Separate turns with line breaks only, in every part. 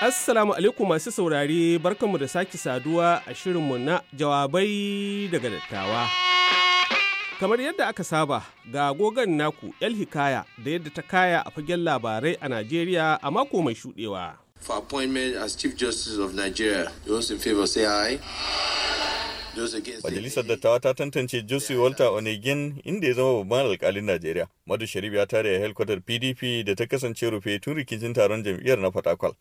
Assalamu alaikum masu saurare barkanmu da sake saduwa a shirinmu na jawabai daga dattawa. Kamar yadda aka saba ga gogan naku El Hikaya da yadda ta kaya a fagen labarai a Najeriya a
mako mai shudewa.
For appointment as Chief Justice of Nigeria, those in favor say aye.
Majalisar Dattawa ta tantance Jose Walter Onegin inda ya zama babban alkalin Najeriya. Madu Sharif ya tare helkwatar PDP da ta kasance rufe tun rikicin taron jam'iyyar na Fatakwal.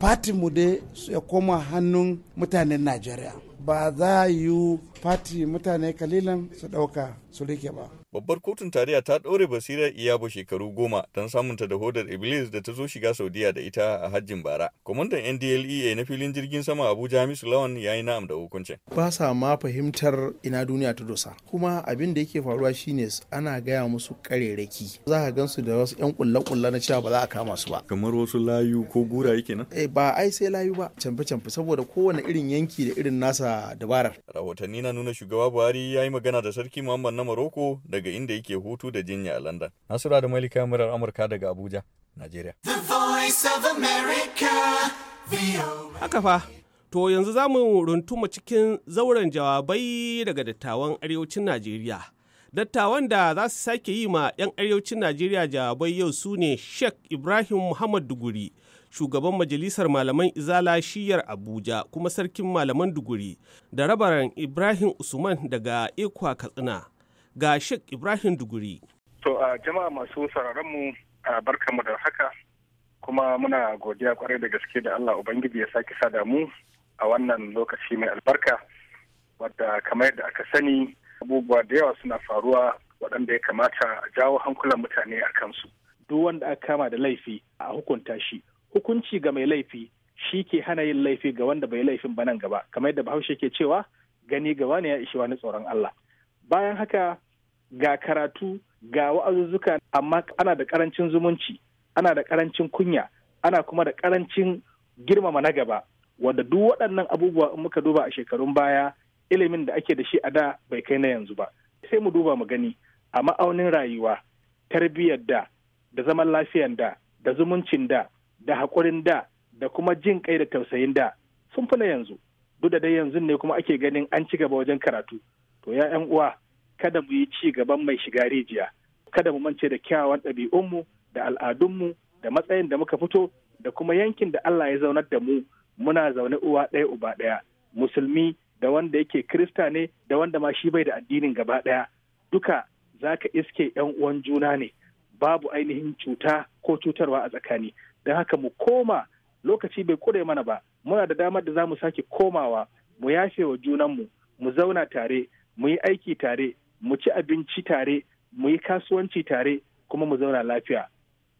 fatinmu dai su ya koma
hannun mutanen najeriya ba za yi fati mutane kalilan su
ɗauka su rike ba.
Babbar kotun tarayya ta ɗore basirar iyabo shekaru goma don samunta da hodar Iblis da ta zo shiga Saudiya da ita a hajjin bara. Kwamandan NDLEA na filin jirgin sama Abuja Hamisu Lawan ya yi na'am da hukuncin.
Ba sa ma fahimtar ina duniya ta dosa. Kuma abin da yake faruwa shine ana gaya musu kareraki. Za ka gansu da wasu 'yan kulle-kulle na cewa ba za a kama su ba. Kamar wasu layu ko gura yake Eh ba ai sai layu ba. Canfe-canfe saboda
kowane irin yanki da irin nasa nasa dabarar. Rahotanni na nuna shugaba Buhari ya yi magana da sarki Muhammad na Maroko daga inda yake hutu da jinya a London. Nasura da Malika murar Amurka daga Abuja, Najeriya. Haka fa,
to yanzu za mu runtuma cikin zauren jawabai daga dattawan arewacin Najeriya. Dattawan da za su sake yi ma 'yan arewacin Najeriya jawabai yau su ne Sheikh Ibrahim Muhammad Duguri. shugaban majalisar malaman izala shiyar abuja kuma sarkin malaman duguri da rabaran ibrahim usman daga ikwa katsina ga shek ibrahim duguri
to a jama'a masu sauraron mu mu da haka kuma muna godiya kwarai da gaske da allah ubangiji ya sake sada mu a wannan lokaci mai albarka wadda kamar yadda aka sani abubuwa da yawa suna faruwa waɗanda ya kamata a jawo hankulan mutane a kansu duk wanda aka kama da laifi a hukunta shi hukunci ga mai laifi shi ke hana yin laifi ga wanda bai laifin ba nan gaba kamar yadda bahaushe ke cewa gani gaba ne ya ishi wani tsoron Allah bayan haka ga karatu ga wa'azuzzuka amma ana da karancin zumunci ana da karancin kunya ana kuma da karancin girmama na gaba wanda duk waɗannan abubuwa in muka duba a shekarun baya ilimin da ake da shi a da bai kai na yanzu ba sai mu duba mu gani a ma'aunin rayuwa tarbiyyar da da zaman lafiyar da da zumuncin da da haƙurin da da kuma jin kai da tausayin da sun fi na yanzu duk da dai yanzu ne kuma ake ganin an ci gaba wajen karatu to ya yan uwa kada mu yi ci gaban mai shiga rijiya kada mu mance da kyawawan ɗabi'unmu da al'adunmu da matsayin da muka fito da kuma yankin da Allah ya zaunar da mu muna zaune uwa ɗaya uba ɗaya musulmi da wanda yake Kirista ne da wanda ma shi bai da addinin gaba ɗaya duka zaka iske yan uwan juna ne babu ainihin cuta ko cutarwa a tsakani don haka mu koma lokaci bai kure mana ba muna da damar da za mu sake komawa mu yafe wa junanmu mu zauna tare mu yi aiki tare mu ci abinci tare mu yi kasuwanci tare kuma mu zauna lafiya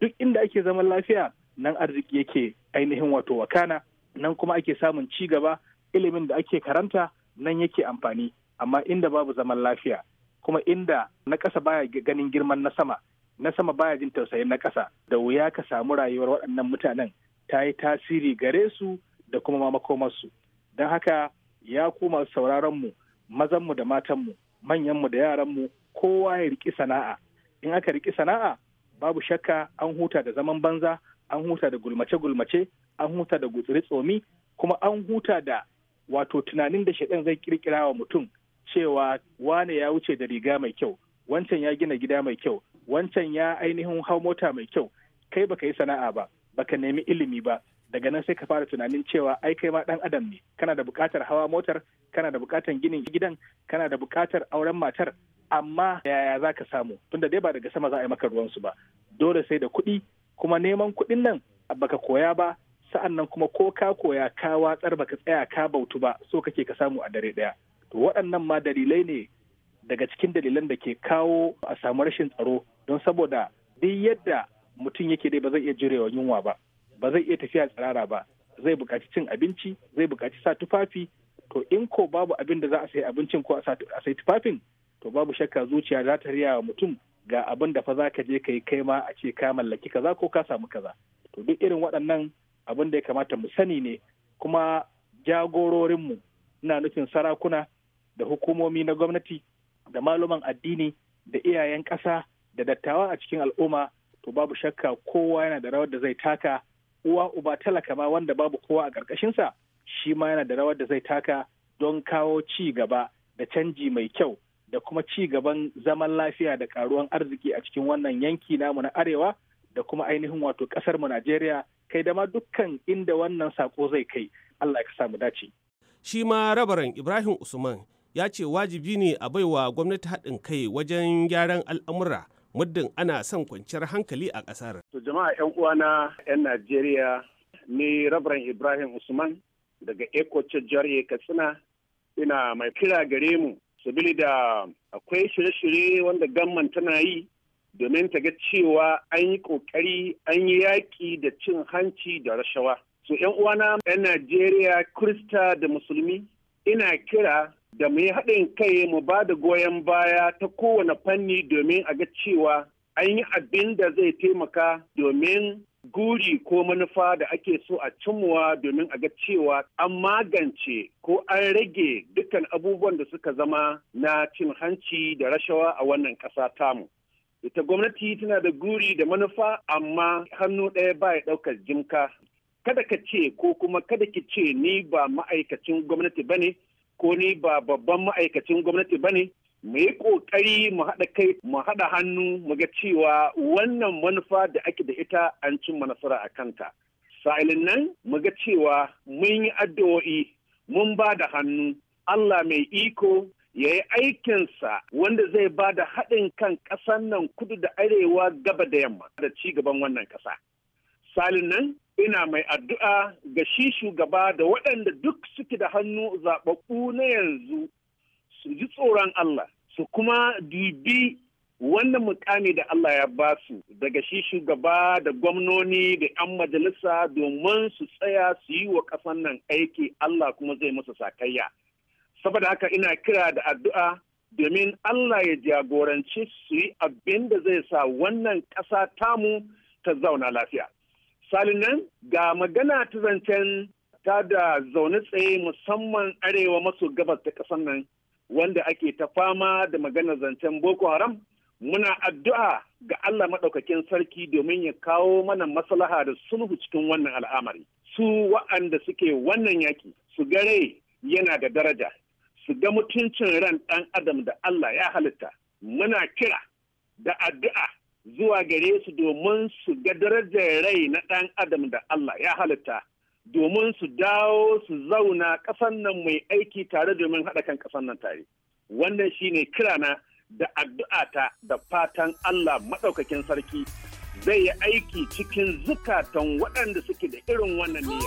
duk inda ake zaman lafiya nan arziki yake ainihin wato wakana nan kuma ake samun ci gaba ilimin da ake karanta nan yake amfani amma inda babu zaman lafiya kuma inda na ƙasa baya ganin girman na sama na sama baya jin tausayin na ƙasa da wuya ka samu rayuwar waɗannan mutanen ta yi tasiri gare su da kuma ma makomarsu don haka ya koma sauraronmu mazanmu da matanmu manyanmu da yaranmu kowa ya riƙi sana'a in aka riƙi sana'a babu shakka an huta da zaman banza an huta da gulmace-gulmace an huta da gutsiri tsomi kuma an huta da wato tunanin da shaɗan zai kirkira wa mutum cewa wane ya wuce da riga mai kyau wancan ya gina gida mai kyau wancan ya ainihin hau mota mai kyau kai baka yi sana'a ba baka nemi ilimi ba daga nan sai ka fara tunanin cewa ai kai ma dan adam ne kana da bukatar hawa motar kana da bukatar ginin gidan kana da bukatar auren matar amma yaya za ka samu tunda dai ba daga sama za a yi maka ruwansu ba dole sai da kuɗi kuma neman kuɗin nan baka koya ba sa'an nan kuma ko ka koya ka watsar baka tsaya ka bautu ba so kake ka samu a dare ɗaya to waɗannan ma dalilai ne daga cikin dalilan da ke kawo a samu rashin tsaro don saboda duk yadda mutum yake dai ba zai iya jirewa yunwa ba ba zai iya tafiya tsirara ba zai bukaci cin abinci zai bukaci sa tufafi to in ko babu abin da za a sayi abincin ko a sayi tufafin to babu shakka zuciya za ta riya wa mutum ga abin da fa za ka je ka yi kai ma a ce ka mallaki kaza ko ka samu kaza to duk irin waɗannan abin da ya kamata mu sani ne kuma jagororinmu ina nufin sarakuna da hukumomi na gwamnati da malaman addini da iyayen ƙasa da dattawa a cikin al'umma to babu shakka kowa yana da rawar da zai taka uwa uba talaka ma wanda babu kowa a ƙarƙashinsa shi ma yana da rawar da zai taka don kawo ci gaba da canji mai kyau da kuma ci gaban zaman lafiya da karuwan arziki a cikin wannan yanki namu na arewa da kuma ainihin wato kasar mu Najeriya kai da ma dukkan inda wannan sako zai kai Allah ya samu dace.
Shi ma rabaran Ibrahim Usman ya ce wajibi ne a baiwa gwamnati haɗin kai wajen gyaran al'amura muddin ana son kwanciyar hankali a ƙasar.
To jama'a 'yan uwana 'yan Najeriya ni Rabran Ibrahim Usman daga Eko Jarye Katsina ina mai kira gare mu sabili da akwai shirye-shirye wanda gamman tana yi domin ta ga cewa an yi ƙoƙari an yi yaƙi da cin hanci da rashawa. So 'yan uwana 'yan Najeriya Krista da Musulmi ina kira da mu yi haɗin kai mu ba da goyon baya ta kowane fanni domin a ga cewa an yi abin da zai taimaka domin guri ko manufa da ake so a cimuwa domin a ga cewa an magance ko an rage dukkan abubuwan da suka zama na cin hanci da rashawa a wannan ƙasa tamu. Ita gwamnati tana da guri da manufa amma hannu ɗaya ba ya ɗaukar jimka. Kada ka ce ko kuma kada ki ce ni ba ma'aikacin gwamnati ba ne ko ni ba babban ma'aikacin gwamnati ba ne mu yi ƙoƙari mu haɗa kai mu haɗa hannu mu ga cewa wannan manufa da ake da ita an cimma nasara a kanta sa'ilin nan mu ga cewa mun yi addu'o'i mun ba da hannu Allah mai iko ya yi aikinsa wanda zai ba da haɗin kan ƙasar nan kudu da arewa gaba da yamma da ci gaban wannan ƙasa. Salin nan ina mai addu'a ga shi shugaba da waɗanda duk suke da hannu zaɓaɓɓu na yanzu su ji tsoron Allah su kuma dubi wannan mukami da Allah ya ba su daga shi shugaba da gwamnoni da 'yan majalisa domin su tsaya su yi wa ƙasan nan aiki Allah kuma zai musu sakayya. Saboda haka ina kira da addu'a domin Allah ya jagoranci su yi abin da zai sa wannan ƙasa tamu ta zauna lafiya. Salinan ga magana ta zancen ta da zaune tsaye musamman arewa maso gabas ta ƙasar nan wanda ake ta fama da magana zancen Boko Haram muna addu'a ga Allah maɗaukakin sarki domin ya kawo mana maslaha da sulhu cikin wannan al'amari. Su wa'anda suke wannan yaƙi su gare yana da daraja, su ga mutuncin ran ɗan adam da Allah ya halitta. Muna kira da addu'a zuwa gare su domin su ga darajar rai na ɗan adam da Allah ya halitta domin su dawo su zauna ƙasan nan mai aiki tare domin haɗa kan ƙasan nan tare wannan shi ne kirana da addu'ata da fatan Allah maɗaukakin sarki zai yi aiki cikin zukatan
waɗanda suke da
irin wannan niyya.